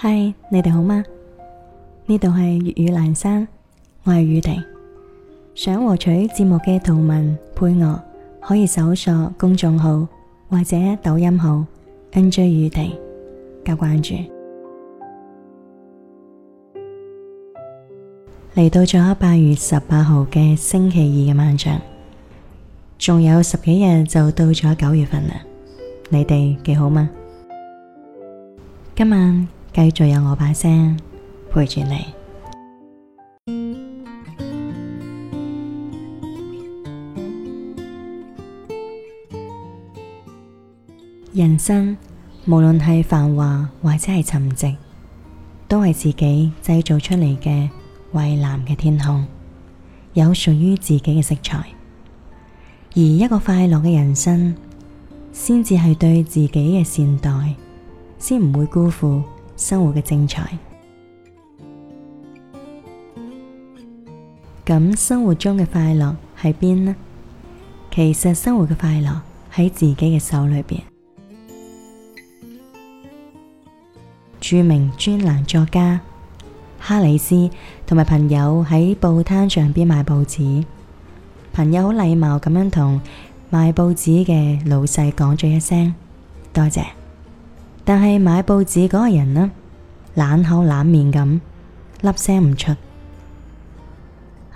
嗨，你哋好嗎？呢度係粵語闌珊，我係雨婷。想獲取節目嘅圖文配樂，可以搜索公眾號或者抖音號 NJ 雨婷加關注。嚟到咗八月十八號嘅星期二嘅晚上，仲有十幾日就到咗九月份啦。你哋幾好嗎？今晚。繼續有我把聲陪住你。人生無論係繁華或者係沉寂，都係自己製造出嚟嘅蔚藍嘅天空，有屬於自己嘅色彩。而一個快樂嘅人生，先至係對自己嘅善待，先唔會辜負。生活嘅精彩。咁生活中嘅快樂喺邊呢？其實生活嘅快樂喺自己嘅手裏邊。著名專欄作家哈理斯同埋朋友喺報攤上邊買報紙，朋友好禮貌咁樣同賣報紙嘅老細講咗一聲多謝。但係買報紙嗰個人呢，冷口冷面咁，粒聲唔出。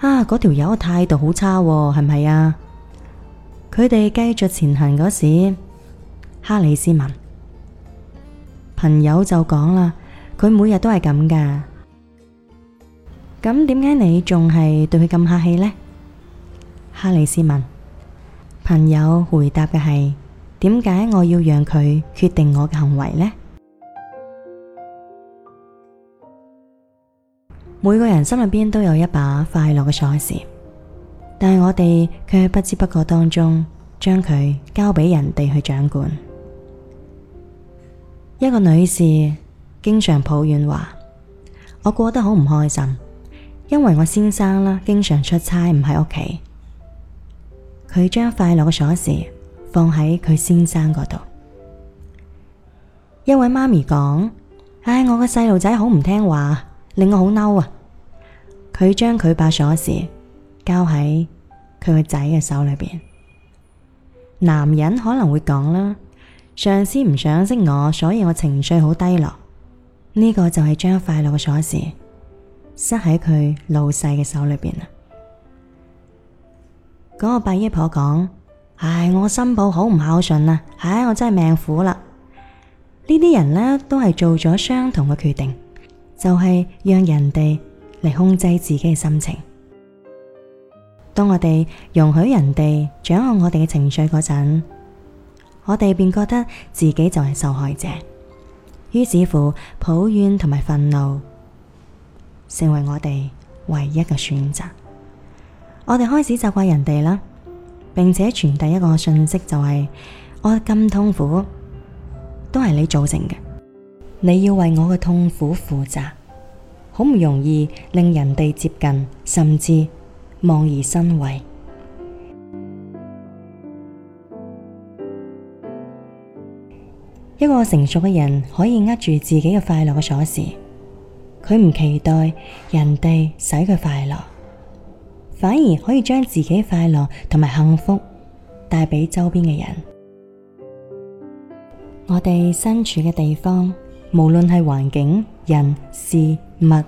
啊，嗰條友嘅態度好差，係唔係啊？佢哋繼續前行嗰時，哈理斯問朋友就講啦：「佢每日都係咁噶，咁點解你仲係對佢咁客氣呢？」哈理斯問朋友回答嘅係。點解我要讓佢決定我嘅行為呢？每個人心入邊都有一把快樂嘅鎖匙，但係我哋卻不知不覺當中將佢交俾人哋去掌管。一個女士經常抱怨話：我過得好唔開心，因為我先生啦經常出差唔喺屋企，佢將快樂嘅鎖匙。放喺佢先生嗰度。一位媽咪講：唉，我個細路仔好唔聽話，令我好嬲啊！佢將佢把鎖匙交喺佢個仔嘅手裏邊。男人可能會講啦，上司唔賞識我，所以我情緒好低落。呢個就係將快樂嘅鎖匙塞喺佢老細嘅手裏邊啦。嗰個八姨婆講。唉，我心抱好唔孝順啊！唉，我真係命苦啦。呢啲人呢，都係做咗相同嘅決定，就係讓人哋嚟控制自己嘅心情。當我哋容許人哋掌控我哋嘅情緒嗰陣，我哋便覺得自己就係受害者，於是乎抱怨同埋憤怒成為我哋唯一嘅選擇。我哋開始責怪人哋啦。並且傳遞一個訊息，就係我咁痛苦，都係你造成嘅，你要為我嘅痛苦負責。好唔容易令人哋接近，甚至望而生畏。一個成熟嘅人可以握住自己嘅快樂嘅鎖匙，佢唔期待人哋使佢快樂。反而可以將自己快樂同埋幸福帶俾周邊嘅人。我哋身處嘅地方，無論係環境、人、事、物，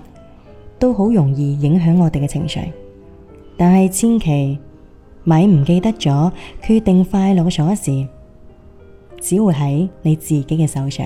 都好容易影響我哋嘅情緒。但係千祈咪唔記得咗，決定快樂嘅鎖匙，只會喺你自己嘅手上。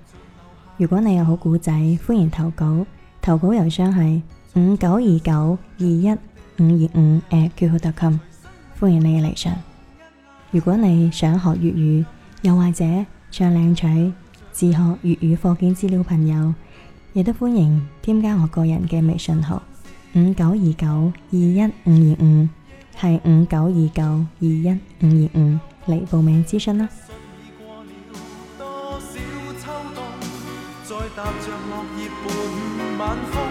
如果你有好古仔，歡迎投稿，投稿郵箱係五九二九二一五二五，誒，括號特 m 歡迎你嘅嚟上。如果你想學粵語，又或者想領取自學粵語課件資料，朋友亦都歡迎添加我個人嘅微信號五九二九二一五二五，係五九二九二一五二五嚟報名諮詢啦。踏着落葉，伴晚風。